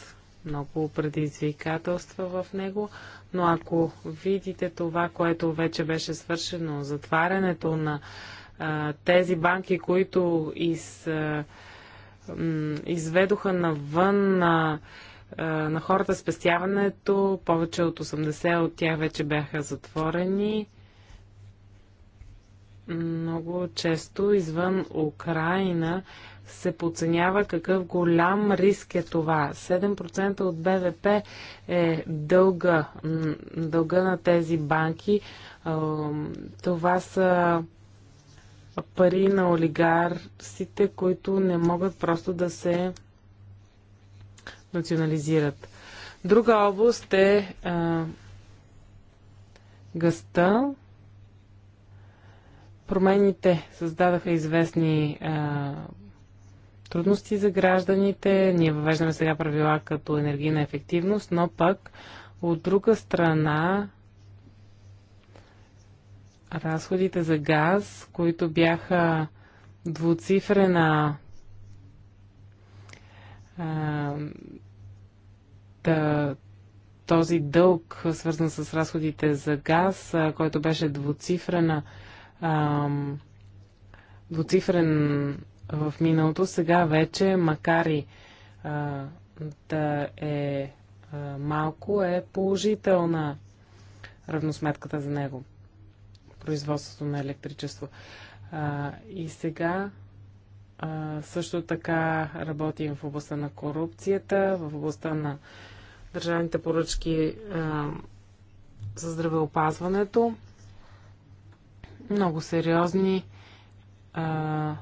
Speaker 3: много предизвикателства в него, но ако видите това, което вече беше свършено, затварянето на тези банки, които из, изведоха навън на, на хората спестяването, повече от 80 от тях вече бяха затворени. Много често извън Украина се подценява какъв голям риск е това. 7% от БВП е дълга, дълга на тези банки. Това са пари на олигарсите, които не могат просто да се национализират. Друга област е а, гъста. Промените създадаха известни а, трудности за гражданите. Ние въвеждаме сега правила като енергийна ефективност, но пък от друга страна разходите за газ, които бяха двуцифрена да, този дълг, свързан с разходите за газ, а, който беше двуцифрена а, двуцифрен в миналото, сега вече, макар и а, да е а, малко, е положителна равносметката за него производството на електричество. А, и сега а, също така работим в областта на корупцията, в областта на държавните поръчки а, за здравеопазването. Много сериозни. А,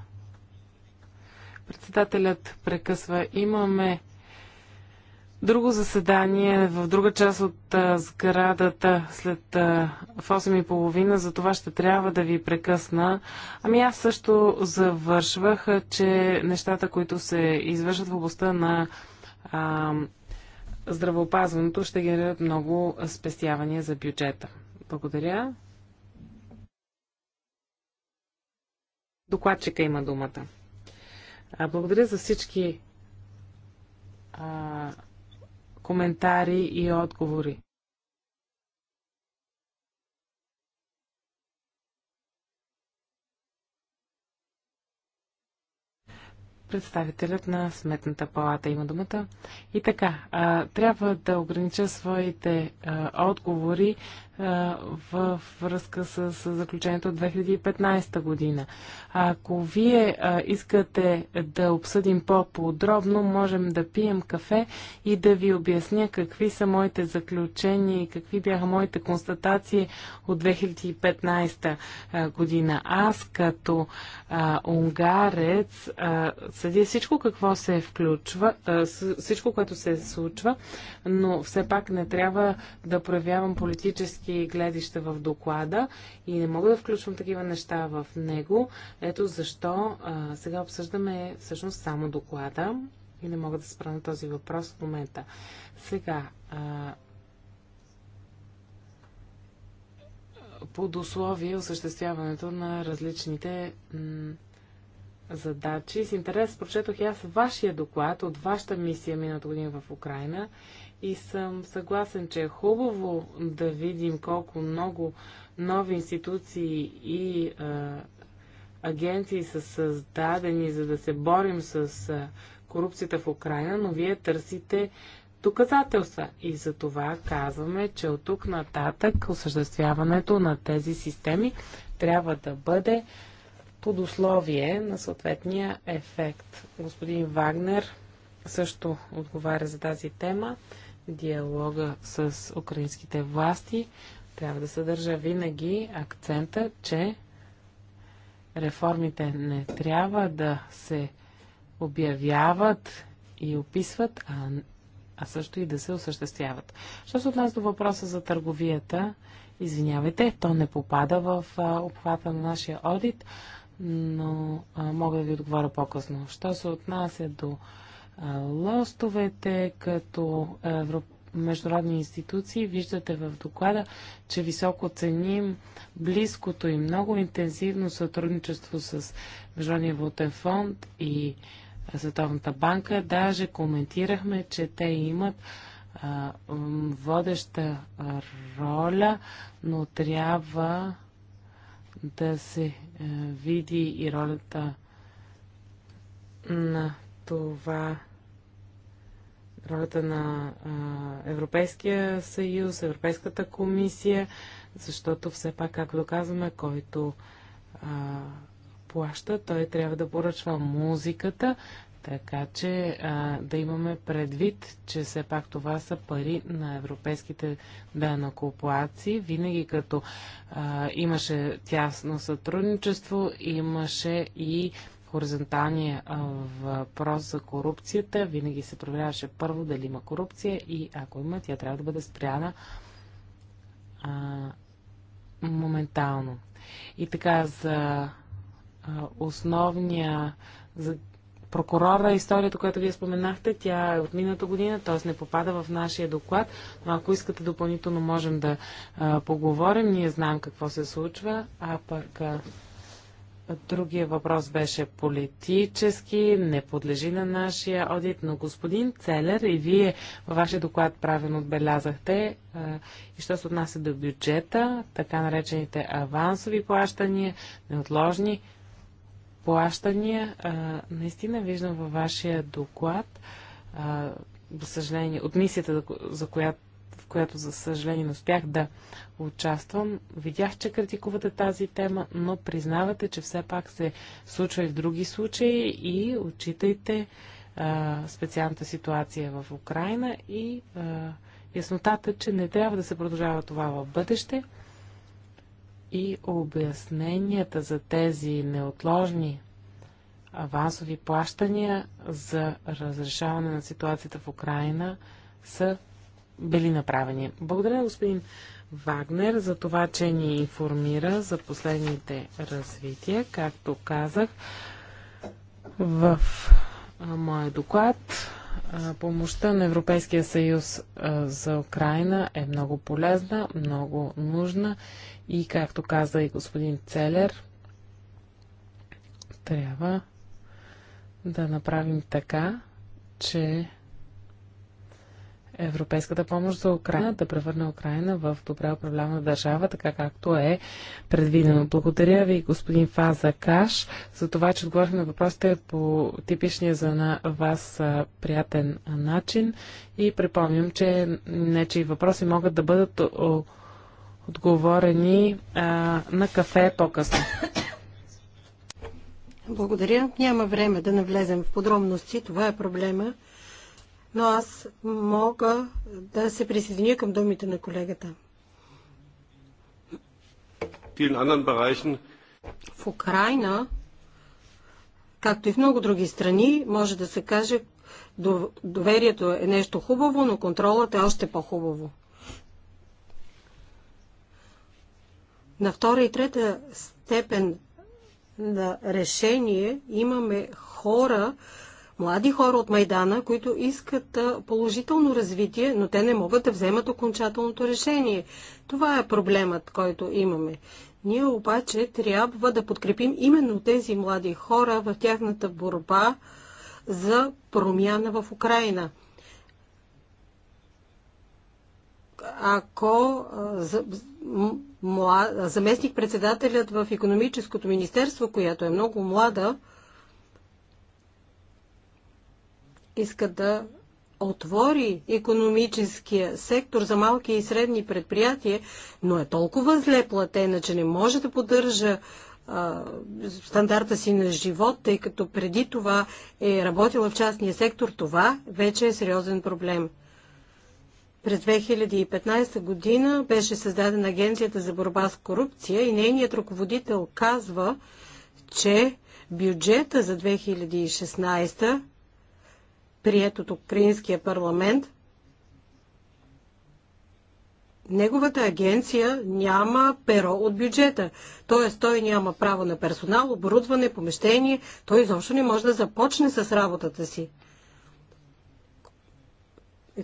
Speaker 3: председателят прекъсва. Имаме друго заседание в друга част от а, сградата след а, в 8.30, за това ще трябва да ви прекъсна. Ами аз също завършвах, че нещата, които се извършват в областта на а, здравеопазването, ще генерират много спестявания за бюджета. Благодаря. Докладчика има думата. А, благодаря за всички а, коментари и отговори. представителят на Сметната палата има думата. И така, трябва да огранича своите отговори в връзка с заключението от 2015 година. Ако вие искате да обсъдим по-подробно, можем да пием кафе и да ви обясня какви са моите заключения и какви бяха моите констатации от 2015 година. Аз като а, унгарец а, съдя всичко какво се включва, а, всичко, което се случва, но все пак не трябва да проявявам политически всички гледища в доклада и не мога да включвам такива неща в него. Ето защо а, сега обсъждаме всъщност само доклада и не мога да спра на този въпрос в момента. Сега, а, под условие осъществяването на различните задачи. С интерес прочетох и аз вашия доклад от вашата мисия миналата година в Украина и съм съгласен, че е хубаво да видим колко много нови институции и а, агенции са създадени, за да се борим с а, корупцията в Украина, но вие търсите доказателства. И за това казваме, че от тук нататък осъществяването на тези системи трябва да бъде под условие на съответния ефект. Господин Вагнер също отговаря за тази тема диалога с украинските власти трябва да съдържа винаги акцента, че реформите не трябва да се обявяват и описват, а, а също и да се осъществяват. Що се отнася до въпроса за търговията, извинявайте, то не попада в обхвата на нашия одит, но а, мога да ви отговоря по-късно. Що се отнася до лостовете, като Европ... международни институции. Виждате в доклада, че високо ценим близкото и много интензивно сътрудничество с Международния валутен фонд и Световната банка. Даже коментирахме, че те имат водеща роля, но трябва да се види и ролята на това ролята на Европейския съюз, Европейската комисия, защото все пак, както доказваме, който а, плаща, той трябва да поръчва музиката, така че а, да имаме предвид, че все пак това са пари на европейските данакоплаци. Винаги като а, имаше тясно сътрудничество, имаше и хоризонталния въпрос за корупцията, винаги се проверяваше първо дали има корупция и ако има, тя трябва да бъде спряна а, моментално. И така, за а, основния, за прокурора, историята, която вие споменахте, тя е от миналата година, т.е. не попада в нашия доклад, но ако искате допълнително можем да а, поговорим, ние знаем какво се случва, а пък а, Другия въпрос беше политически, не подлежи на нашия одит, но господин Целер и вие във вашия доклад правилно отбелязахте и що се отнася до бюджета, така наречените авансови плащания, неотложни плащания, наистина виждам във вашия доклад, за съжаление, от мисията, за която в която за съжаление не успях да участвам. Видях, че критикувате тази тема, но признавате, че все пак се случва и в други случаи и отчитайте а, специалната ситуация в Украина и а, яснотата, че не трябва да се продължава това в бъдеще и обясненията за тези неотложни авансови плащания за разрешаване на ситуацията в Украина са били направени. Благодаря, господин Вагнер, за това, че ни информира за последните развития. Както казах, в моя доклад помощта на Европейския съюз за Украина е много полезна, много нужна и, както каза и господин Целер, трябва да направим така, че европейската помощ за Украина, да превърне Украина в добре управлявана държава, така както е предвидено. Благодаря ви, господин Фаза Каш, за това, че отговорихме на въпросите по типичния за на вас приятен начин и припомням, че нечи въпроси могат да бъдат отговорени а, на кафе по-късно.
Speaker 1: Благодаря. Няма време да навлезем в подробности. Това е проблема, но аз мога да се присъединя към думите на колегата. В Украина, както и в много други страни, може да се каже, доверието е нещо хубаво, но контролът е още по-хубаво. На втора и трета степен на решение имаме хора, млади хора от Майдана, които искат положително развитие, но те не могат да вземат окончателното решение. Това е проблемът, който имаме. Ние обаче трябва да подкрепим именно тези млади хора в тяхната борба за промяна в Украина. Ако заместник-председателят в економическото министерство, която е много млада, иска да отвори економическия сектор за малки и средни предприятия, но е толкова зле платена, че не може да поддържа а, стандарта си на живот, тъй като преди това е работила в частния сектор, това вече е сериозен проблем. През 2015 година беше създадена Агенцията за борба с корупция и нейният ръководител казва, че бюджета за 2016 прият от Украинския парламент, неговата агенция няма перо от бюджета. Т.е. той няма право на персонал, оборудване, помещение. Той изобщо не може да започне с работата си.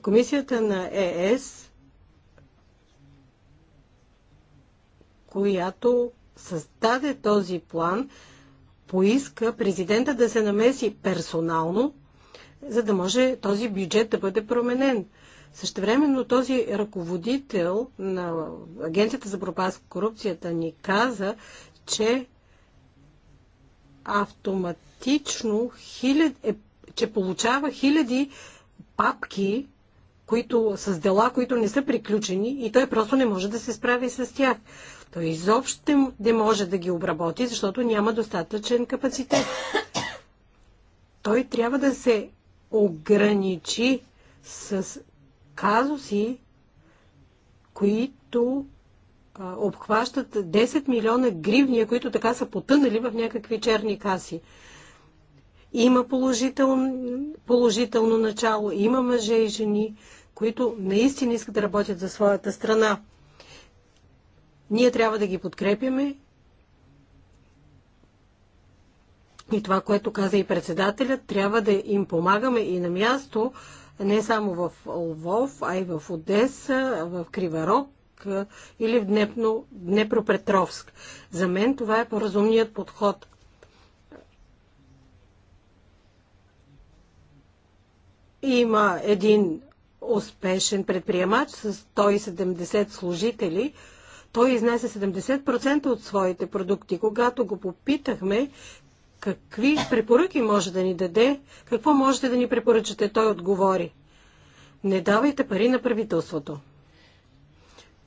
Speaker 1: Комисията на ЕС, която създаде този план, поиска президента да се намеси персонално за да може този бюджет да бъде променен. Същевременно този ръководител на Агенцията за борба с корупцията ни каза, че автоматично хилед, е, че получава хиляди папки които, с дела, които не са приключени и той просто не може да се справи с тях. Той изобщо не може да ги обработи, защото няма достатъчен капацитет. Той трябва да се ограничи с казуси, които а, обхващат 10 милиона гривни, които така са потънали в някакви черни каси. Има положител, положително начало, има мъже и жени, които наистина искат да работят за своята страна. Ние трябва да ги подкрепяме И това, което каза и председателят, трябва да им помагаме и на място, не само в Лвов, а и в Одеса, в Криварок или в Днепно, Днепропетровск. За мен това е по-разумният подход. Има един успешен предприемач с 170 служители. Той изнася 70% от своите продукти. Когато го попитахме Какви препоръки може да ни даде? Какво можете да ни препоръчате? Той отговори. Не давайте пари на правителството.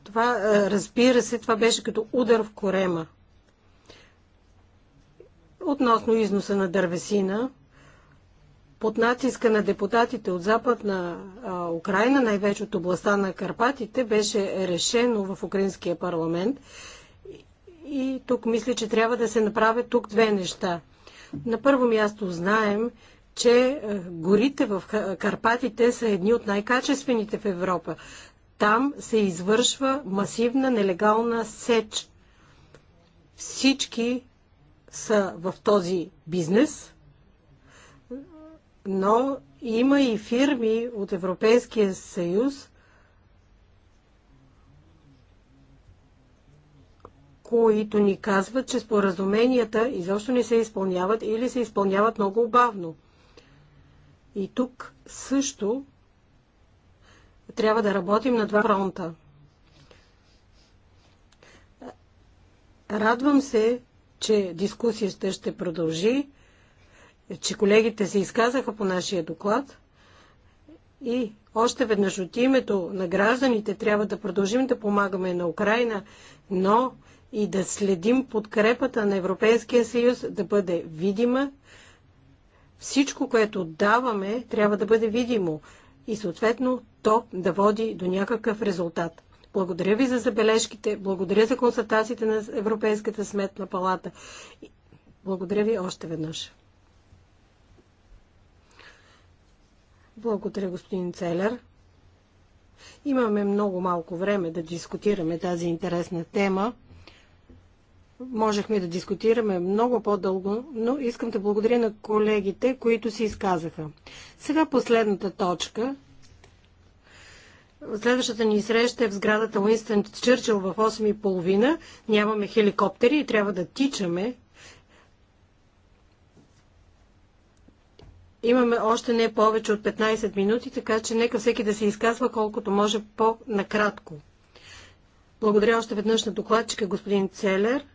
Speaker 1: Това, е, разбира се, това беше като удар в корема. Относно износа на дървесина, под натиска на депутатите от Западна а, Украина, най-вече от областта на Карпатите, беше решено в Украинския парламент. И, и тук мисля, че трябва да се направят тук две неща. На първо място знаем, че е, горите в Карпатите са едни от най-качествените в Европа. Там се извършва масивна нелегална сеч. Всички са в този бизнес, но има и фирми от Европейския съюз, които ни казват, че споразуменията изобщо не се изпълняват или се изпълняват много бавно. И тук също трябва да работим на два фронта. Радвам се, че дискусията ще продължи, че колегите се изказаха по нашия доклад и още веднъж от името на гражданите трябва да продължим да помагаме на Украина, но и да следим подкрепата на Европейския съюз да бъде видима. Всичко, което даваме, трябва да бъде видимо и съответно то да води до някакъв резултат. Благодаря ви за забележките, благодаря за консултациите на Европейската сметна палата. Благодаря ви още веднъж. Благодаря, господин Целер. Имаме много малко време да дискутираме тази интересна тема можехме да дискутираме много по-дълго, но искам да благодаря на колегите, които се изказаха. Сега последната точка. Следващата ни среща е в сградата Уинстън Чърчил в 8.30. Нямаме хеликоптери и трябва да тичаме. Имаме още не повече от 15 минути, така че нека всеки да се изказва колкото може по-накратко. Благодаря още веднъж на докладчика господин Целер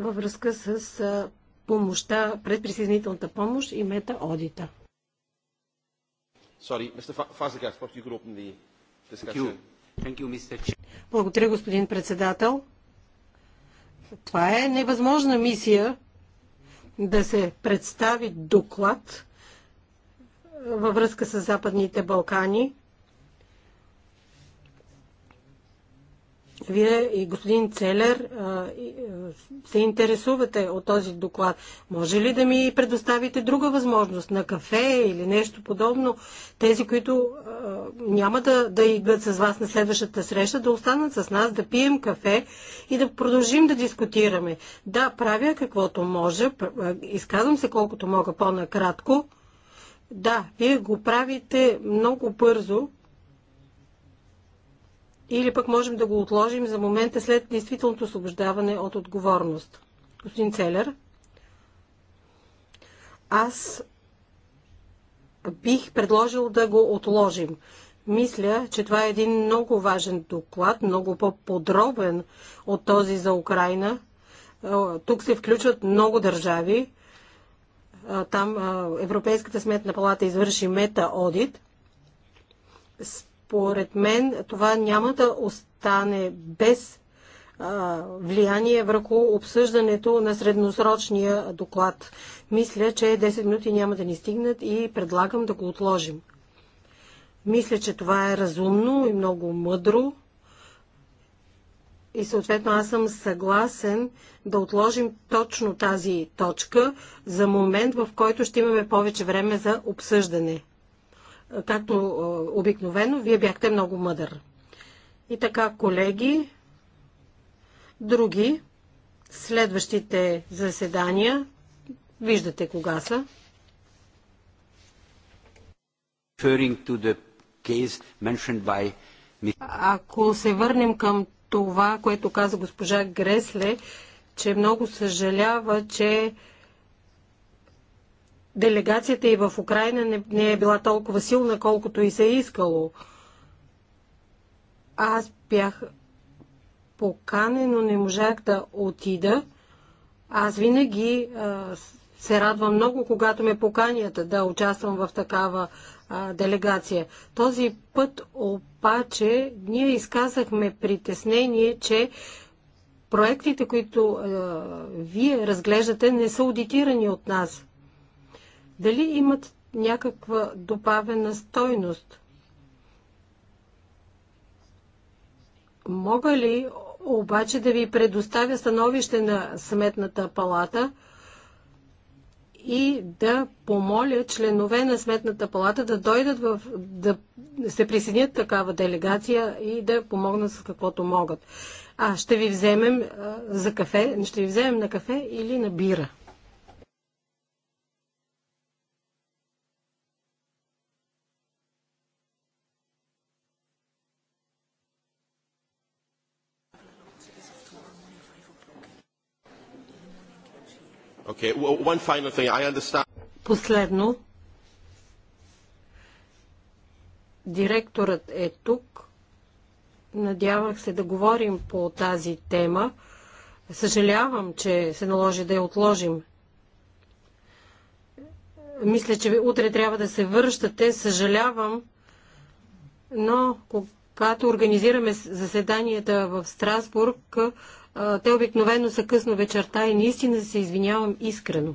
Speaker 1: във връзка с помощта, предприсъединителната помощ и мета-одита. Благодаря, господин председател. Това е невъзможна мисия да се представи доклад във връзка с Западните Балкани. Вие и господин Целер се интересувате от този доклад. Може ли да ми предоставите друга възможност на кафе или нещо подобно? Тези, които няма да, да идват с вас на следващата среща, да останат с нас, да пием кафе и да продължим да дискутираме. Да, правя каквото може, изказвам се колкото мога по-накратко. Да, вие го правите много бързо, или пък можем да го отложим за момента след действителното освобождаване от отговорност. Господин Целер, аз бих предложил да го отложим. Мисля, че това е един много важен доклад, много по-подробен от този за Украина. Е, тук се включват много държави. Е, там е, Европейската сметна палата извърши мета-одит. Според мен това няма да остане без влияние върху обсъждането на средносрочния доклад. Мисля, че 10 минути няма да ни стигнат и предлагам да го отложим. Мисля, че това е разумно и много мъдро. И съответно аз съм съгласен да отложим точно тази точка за момент, в който ще имаме повече време за обсъждане както е, обикновено, вие бяхте много мъдър. И така, колеги, други, следващите заседания, виждате кога са. Ако се върнем към това, което каза госпожа Гресле, че много съжалява, че делегацията и в Украина не, не е била толкова силна, колкото и се е искало. Аз бях поканен, но не можах да отида. Аз винаги а, се радвам много, когато ме поканят да участвам в такава а, делегация. Този път обаче ние изказахме притеснение, че проектите, които а, вие разглеждате, не са аудитирани от нас дали имат някаква добавена стойност? Мога ли обаче да ви предоставя становище на Сметната палата и да помоля членове на Сметната палата да дойдат в, да се присъединят такава делегация и да помогнат с каквото могат. А ще ви вземем за кафе, ще ви вземем на кафе или на бира. Okay, one final thing. I understand. Последно. Директорът е тук. Надявах се да говорим по тази тема. Съжалявам, че се наложи да я отложим. Мисля, че утре трябва да се връщате. Съжалявам, но когато организираме заседанията в Страсбург, те обикновено са късно вечерта и наистина се извинявам искрено.